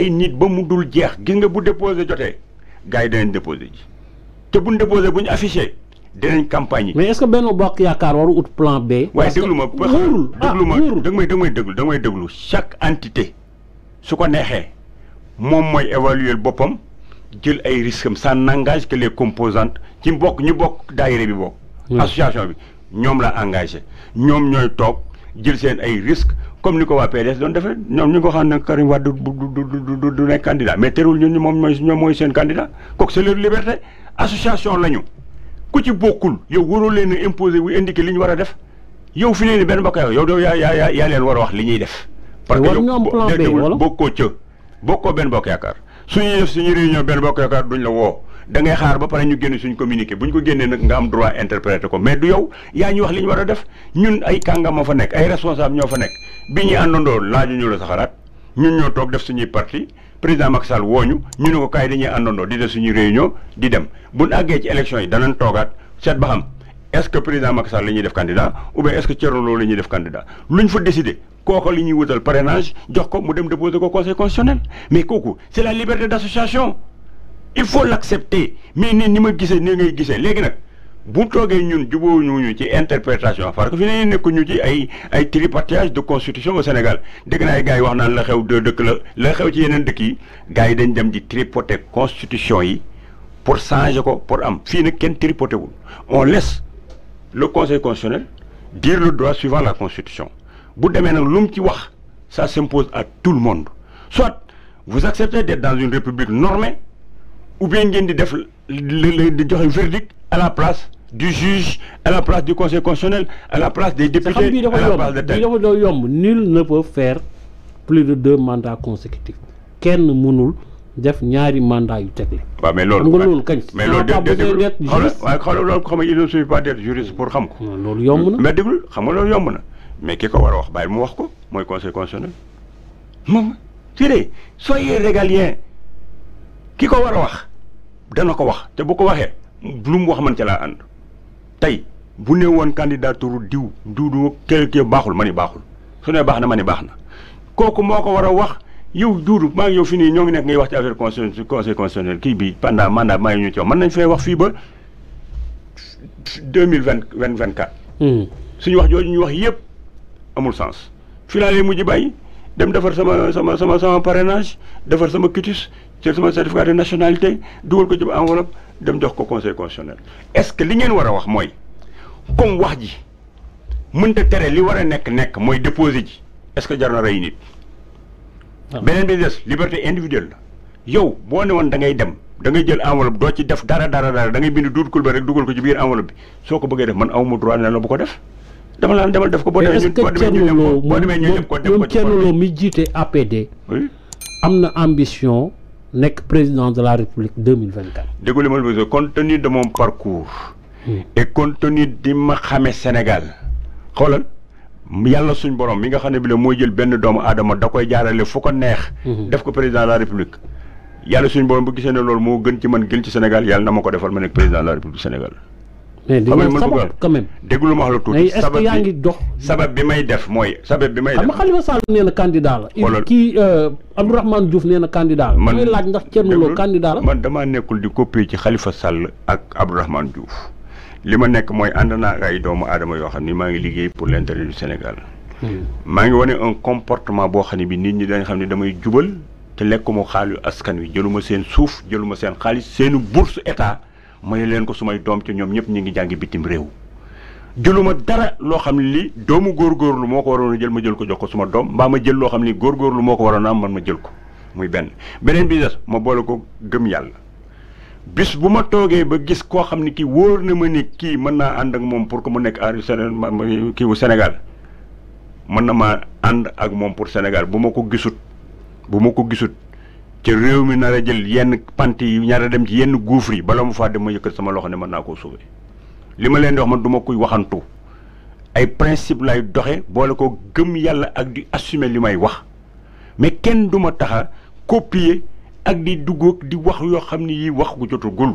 ay nit ba mu dul jeex gis nga bu déposé jotee gars yi danañ déposé ji te buñ déposé buñ affiché danañ campagne yi. mais est ce Bokk Yaakaar waru ut plan B. waaye déglu ma wóorul ah, déglu ma da nga may da nga may déglu da nga chaque entité su ko neexee moom mooy évaluer boppam jël ay risques am ça n'engage que les composantes ci bokk ñu bokk daayira bi bokk. association bi ñoom la engagé ñoom ñooy toog jël seen ay risques. comme ni ko waa PDS doon defee ñoom ñu ko xam ne Karim Wade du du du du nekk candidat mais terul ñun moom mooy ñoom mooy seen candidat kooku c'est leur liberté association la ñu ku ci bokkul yow waroo leen a imposer wu indiqué li ñu war a def yow fi nee ni benn bakka yow yow yaa yaa yaa leen war a wax li ñuy def. parce que yow bokkoo ca bokkoo benn bokk yaakaar suñuy def suñu réunion benn bokk yaakaar duñ la woo. da ngay xaar ba pare ñu génn suñ communiqué bu ñu ko génnee nag nga am droit interpréter ko mais du yow yaa ñu wax li ñu war a def ñun ay kàngam moo fa nekk ay responsable ñoo fa nekk bi ñuy àndandoo laaju ñu la sa xalaat ñun ñoo toog def suñuy parti président Macky Sall wooñu ñu ne ko kaay dañuy àndandoo di def suñuy réunion di dem bu ñu àggee ci election yi danañ toogaat seet ba xam est-ce que président Macky Sall ñuy def candidat ou bien est-ce que la ñuy def candidat luñ fa décidé kooku li ñuy wutal parrainage mu dem déposer ko conseil constitutionnel mais kooku c'est la il faut l'accepter mais ni ni ma gisee ni ngay gisee légui nak bu togué ñun jubóowuñu ci interprétation parce que fi ne nekkuñu ci ay ay tripartage de constitution au Sénégal dégg naa ay gars wax naan la xew de dëkk la la xew ci yeneen dëkk yi gars yi dañ dem di tripoter constitution yi pour changer ko pour am fii nag tripoter wul on laisse le conseil constitutionnel dire le droit suivant la constitution bu démé nak lu ci wax ça s'impose à tout le monde soit vous acceptez d'être dans une république normée ou bien les verdict à la place du juge à la place du conseil constitutionnel à la place des députés à nul ne peut faire plus de deux mandats consécutifs Quel def ñaari mandat yu mais mais de ne pas d'être juriste pour xam ko. mais xam nga mais kiko wara wax wax ko conseil constitutionnel soyez régalien Qui wara wax. dana ko wax te bu ko waxe lu mu wax man ci la and tay bu newon candidature diw dudu kelke baxul mani baxul baaxul su ne baxna na ma ni baax na wax yow dudu ma ngi yow fini ñoo ngi ngay wax ci affaire conseil conseil constitutionnel ki bi pendant mandat maa ñu ci man nañ fay wax fi ba 2024 hmm suñu wax joju ñu wax yépp amul sens fi lay mujj bay dem defar sama sama sama sama parrainage defar sama cutis jël sama certificat nationalité dugal ko ci ba enveloppe dem jox ko conseil constitutionnel est-ce que li ngeen war a wax mooy comme wax ji mënta tere li war a nekk nekk mooy déposé ji est-ce que jar na rey nit. beneen bi des liberté individuelle la yow boo ne woon da ngay dem da ngay jël enveloppe doo ci def dara dara dara dangay ngay bind duut kulba rek dugal ko ci biir enveloppe bi soo ko bëggee def man awma droit ne la bu ko def. dama naan demal def ko boo demee ñu boo demee ñu yëpp ko def ko ci moom Thierno Lo mi am na ambition. nekk président de la république 2024. déglu ma contenu de mon parcours. Hmm. et compte tenu di ma xamee Sénégal xoolal yalla suñ borom mi nga xamné bi la mooy jël ben doomu adama da koy jaarale fuko neex. Hmm. def ko président de la république. Yalla suñ borom bu gissene lool mo gën ci man gën ci Sénégal yalla na défal ko ma président de la république Sénégal. mais dañoo sabab quand même déglu ma wax la tuuti sabab bi yaa ngi dox. sabab bi may def mooy. sabab bi may def xam nga Khalifa Sall nee na candidat la. xoolal kii euh, Abdourahmane Diouf nee na candidat la. man may laaj ndax Thierno Lo candidat la. man damaa nekkul di copier ci xalifa Sall ak Abdourahmane Diouf li ma nekk mooy ànd naa ak ay doomu aadama yoo xam ni maa ngi liggéey pour l' intérêt Sénégal. Hmm. maa ngi wane un comportement boo xam ne bi nit ñi dañ xam ne damay jubal te lekkuma xaalu askan wi jëluma seen suuf jëluma seen xaalis seenu bourse état ma mayu leen ko sumay doom ci ñoom ñëpp ñu ngi jàngi bitim réew jëluma dara loo xam ne li doomu góorgóorlu moo ko waroon a jël ma jël ko jox ko suma doom mbaa ma jël loo xam ne góorgóorlu moo ko waroon a am man ma jël ko muy benn beneen bi des ma boole ko gëm yàlla bis bu ma toogee ba gis koo xam ne kii wóor na ma ni kii mën naa ànd ak moom pour que mu nekk en kii wu Sénégal mën na maa ànd ak moom pour Sénégal bu ma ko gisut bu ma ko gisut ca réew mi nar a jël yenn pant yi ñaar a dem ci yenn gouffre yi bala mu faa dem ma yëkkat sama loxo ne mën naa koo sauver li ma leen di wax man du ma koy waxantu ay principe lay doxe boole ko gëm yàlla ak di assumer li may wax mais kenn duma taxa koppiye ak di dugg di wax yoo xam ne yii wax gu jotagul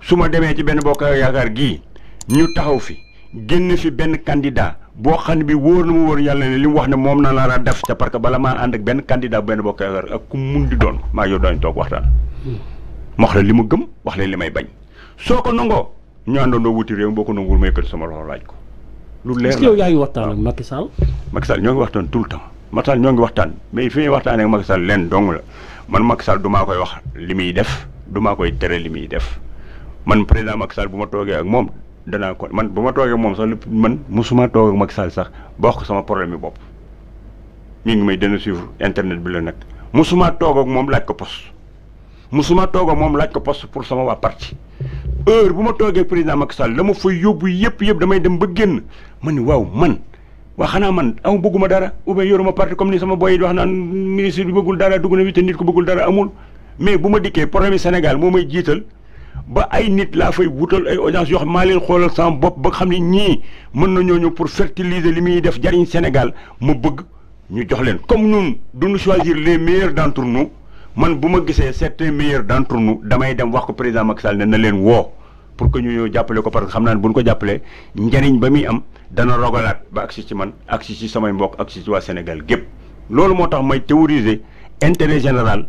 su ma demee ci benn bokk yaakaar gii ñu taxaw fi génn fi benn candidat bo xamni bi woor na mu woor yalla ne lim wax ne mom na la def ca parce que bala ma and ak ben candidat ben bokk ak ku mundi don ma yo dañ tok waxtan wax xale limu gem wax le limay bañ soko nango ñu andando wuti rew boko nangul may keul sama loxo laaj ko lu leer la yow yaay waxtan ak Macky Sall Macky Sall ñoo ngi waxtan tout temps Macky Sall ñoo ngi waxtan mais fi waxtan ak Macky Sall len dong la man Macky Sall duma koy wax limi def duma koy téré limi def man président Macky Sall buma togué ak mom dana ko man buma toge mom sax man musuma toge mak sal sax bok sama problème bop. mi ngi may dana suivre internet bi la nak musuma toge mom laj ko poste musuma toge mom laj ko poste pour sama wa parti heure buma toge président mak sal dama fay yobbu yep yep damay dem ba genn man waw man waxana man aw bëgguma dara ou bien yoruma parti comme ni sama boy wax naan ministre bi bëggul dara duguna na nit ko bëggul dara amul mais buma ma problème Sénégal momay jital ba ay nit la fay wutal ay audience yo xam ma leen xolal sama bop ba xamni ñi mën na ñëw pour fertiliser limi def jariñ Sénégal mu bëgg ñu jox leen comme ñun duñu choisir les meilleurs d'entre nous man buma ma c'est certains meilleurs d'entre nous damay dem wax ko président Macky Sall na leen wo pour que ñu ñëw jappelé ko parce que xam ko jappelé jariñ ba mi am dana rogalaat ba ak ci man agsi ci samay mbokk agsi ci wa Sénégal gep lolu motax may théoriser intérêt général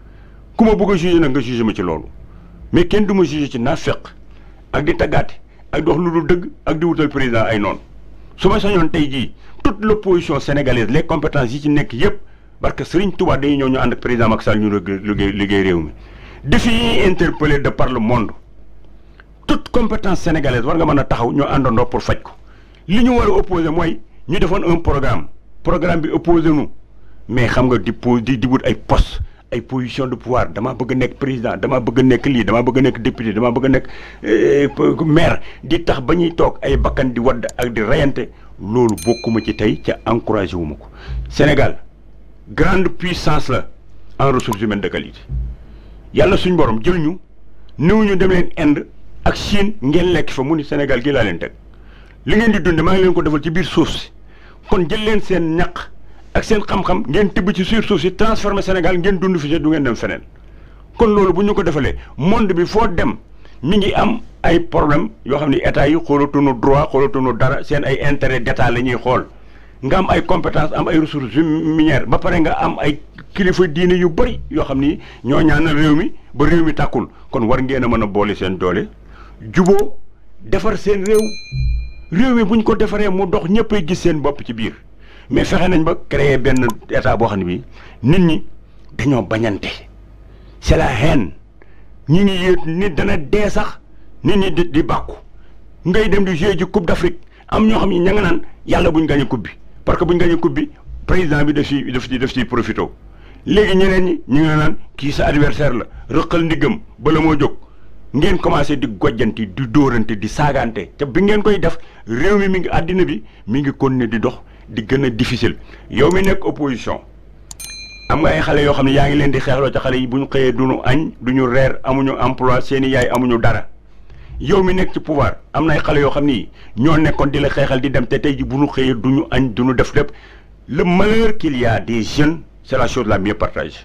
ku bëgg a jugé nag nga jugé ma ci loolu mais kenn duma ma jugé ci naafeq ak di tagaté ak dox wax dëgg ak di wutal président ay non suma sañon tay ji toute l'opposition sénégalaise les compétences yi ci nek yépp parce que Serigne Touba dañuy ñoo ñu and ak président Macky Sall ñu liggéey réew mi défi yi interpellé de par le monde toute compétence sénégalaise war nga mëna taxaw ñoo àndandoo pour fajj ko li ñu war a opposé mooy ñu defoon un programme programme bi opposé nous mais xam nga di di wut ay poste ay position de pouvoir dama bëgg a nekk président damaa bëgg a nekk lii damaa bëgg a nekk député damaa bëgg a nekk eh, maire di tax ba ñuy toog ay bakkan di wadd ak di reyante loolu bokkuma ci tey ca encouragé wu ma ko Sénégal grande puissance la en ressources humaines de qualité yàlla suñ borom jël ñu néew ñu dem leen Inde ak Chine ngeen lekk fa mu ni Sénégal gi laa leen teg li ngeen di dunde maa ngi leen ko defal ci biir suuf si kon jël leen seen ñaq ak seen xam-xam ngeen tibb ci sur suuf si transformer Sénégal ngeen dund fi du ngeen dem feneen kon loolu bu ñu ko defalee monde bi foo dem mi ngi am ay problème yoo xam ne état yi xoolatuñu droit xoolatuñu dara seen ay intérêt d'état la ñuy xool nga am ay compétence am ay ressources minières ba pare nga am ay kilifa diine yu bari yoo xam ni ñoo ñaanal réew mi ba réew mi kon war ngeen a mën a boole seen doole juboo defar seen réew réew mi buñ ko defaree mu dox ñëppay gis seen bopp ci biir mais fexé nañ ba créer ben état bo xamni bi nit ñi dañoo bañanté c'est la haine ñi ñi yéet nit dana dé sax nit ñi di di bàkku ngay dem di jouer ci coupe d'afrique am ñoo xamni ne ña nga naan yàlla buñ gagné coupe bi parce que buñu gagné coupe bi président bi daf ci daf ci daf ci profito légui ñeneen ñi ñi nga naan ki sa adversaire la rëqal ba bala mo jóg ngeen commencé di gojjanti di doranté di saganté te bi ngeen koy def réew mi mi ngi adina bi mi ngi continuer di dox di difficile yow mi nek opposition am nga ay xalé à xamni à yaa à leen di xéxlo ci xalé yi buñu ñu duñu añ duñu rër amuñu emploi seeni yaay amuñu dara yow mi nek ci pouvoir am na ay xalé yo xamni ni ñoo di la xéxal di dem té tey ji bu duñu añ duñu def le malheur qu'il y a des jeunes c'est la chose la mieux partagée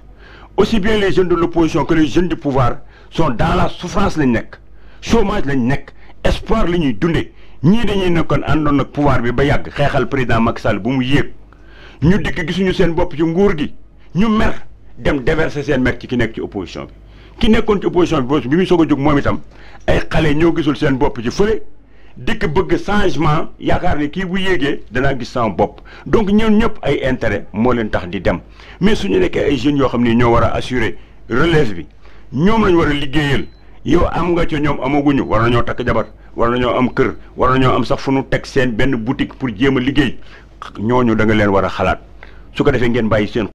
aussi bien les jeunes de l'opposition que les jeunes du pouvoir sont dans la souffrance lañ nek chômage lañ nek espoir liñuy dundé ni dañuy nekkoon àndoon ak pouvoir bi ba yàgg xeexal président Macky Sall bu mu yéeg ñu dikk nous seen bopp ci nguur gi ñu mer dem déverser seen mer ci ki nekk ci opposition bi. ki nekkoon ci opposition bi bi muy soog a jóg moom ay xale ñoo gisul seen bopp ci dikk bëgg changement yaakaar ne kii bu yéegee danaa gis sama bopp donc ñoom ñëpp ay intérêt moo leen tax mais suñu nekkee ay jeunes yoo xam ne ñoo war assurer relève bi ñoom lañ war liggéeyal yow am nga ca ñoom amaguñu war nañu am kër war nañu am sax fu nu teg seen benn boutique pour jéem a liggéey ñooñu da nga leen war a xalaat su ko defee ngeen bàyyi seen